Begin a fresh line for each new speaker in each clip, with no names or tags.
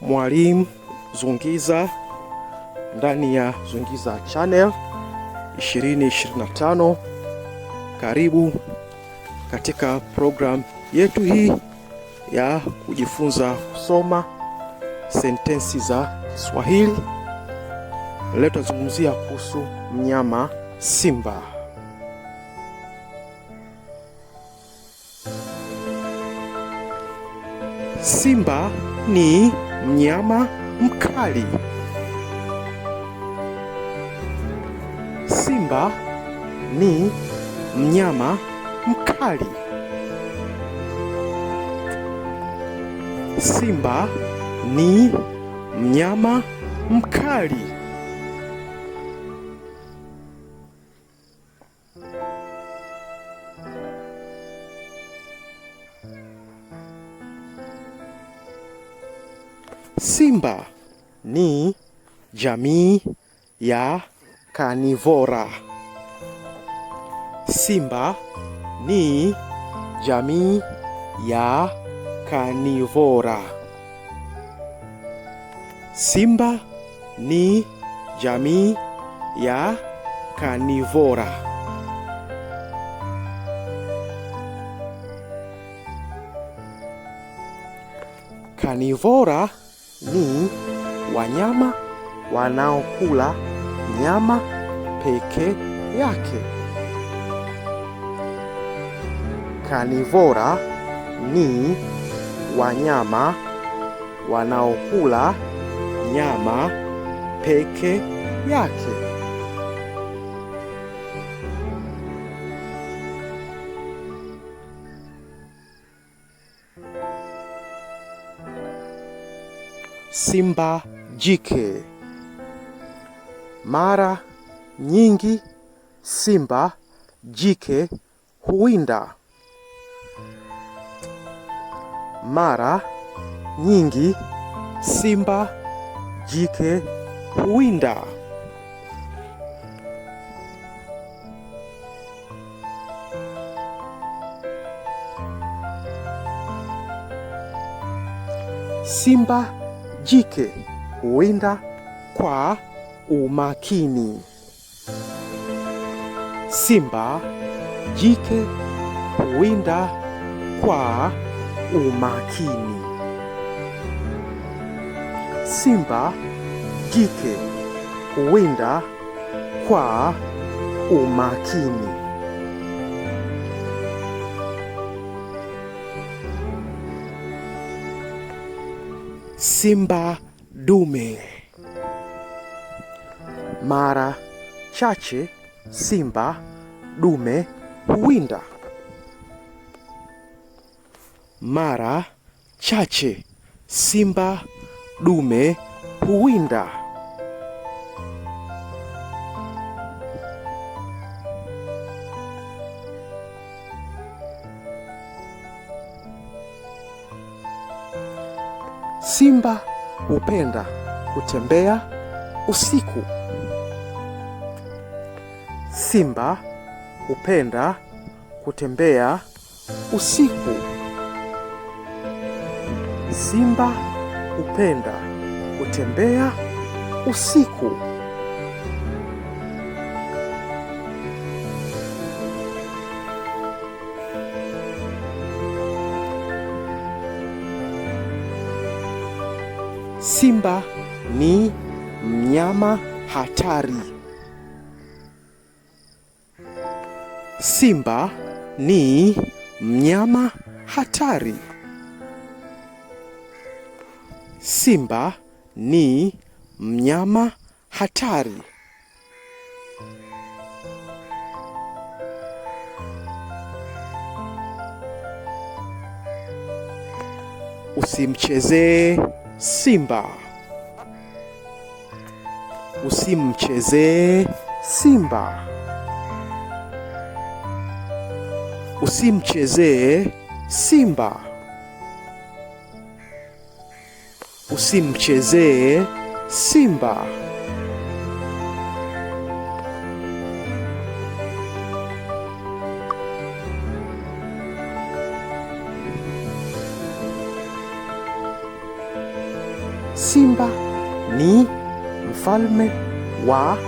Mwalimu Zungiza ndani ya Zungiza Channel 2025. Karibu katika program yetu hii ya kujifunza kusoma sentensi za Kiswahili. Leo tutazungumzia kuhusu mnyama simba. Simba ni mnyama mkali. Simba ni mnyama mkali. Simba ni mnyama mkali. Simba ni jamii ya kanivora. Simba ni jamii ya kanivora. Simba ni jamii ya kanivora. Kanivora ni wanyama wanaokula nyama peke yake. Kanivora ni wanyama wanaokula nyama peke yake. simba jike. Mara nyingi simba jike huwinda. Mara nyingi simba jike huwinda. Simba Jike huwinda kwa umakini. Simba jike huwinda kwa umakini. Simba jike huwinda kwa umakini. simba dume. Mara chache simba dume huwinda. Mara chache simba dume huwinda. Simba hupenda kutembea usiku. Simba hupenda kutembea usiku. Simba hupenda kutembea usiku. Simba ni mnyama hatari. Simba ni mnyama hatari. Simba ni mnyama hatari. Usimchezee Simba. Usimchezee Simba, usimchezee Simba, usimchezee Simba. Simba ni mfalme wa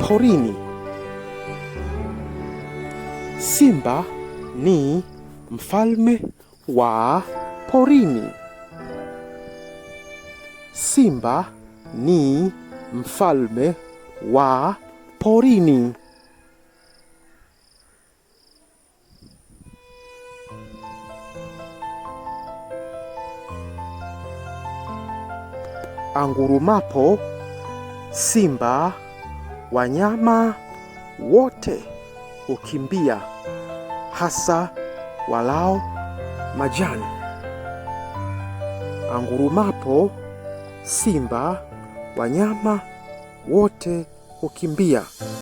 porini. Simba ni mfalme wa porini. Simba ni mfalme wa porini. angurumapo simba, wanyama wote hukimbia, hasa walao majani. Angurumapo simba, wanyama wote hukimbia.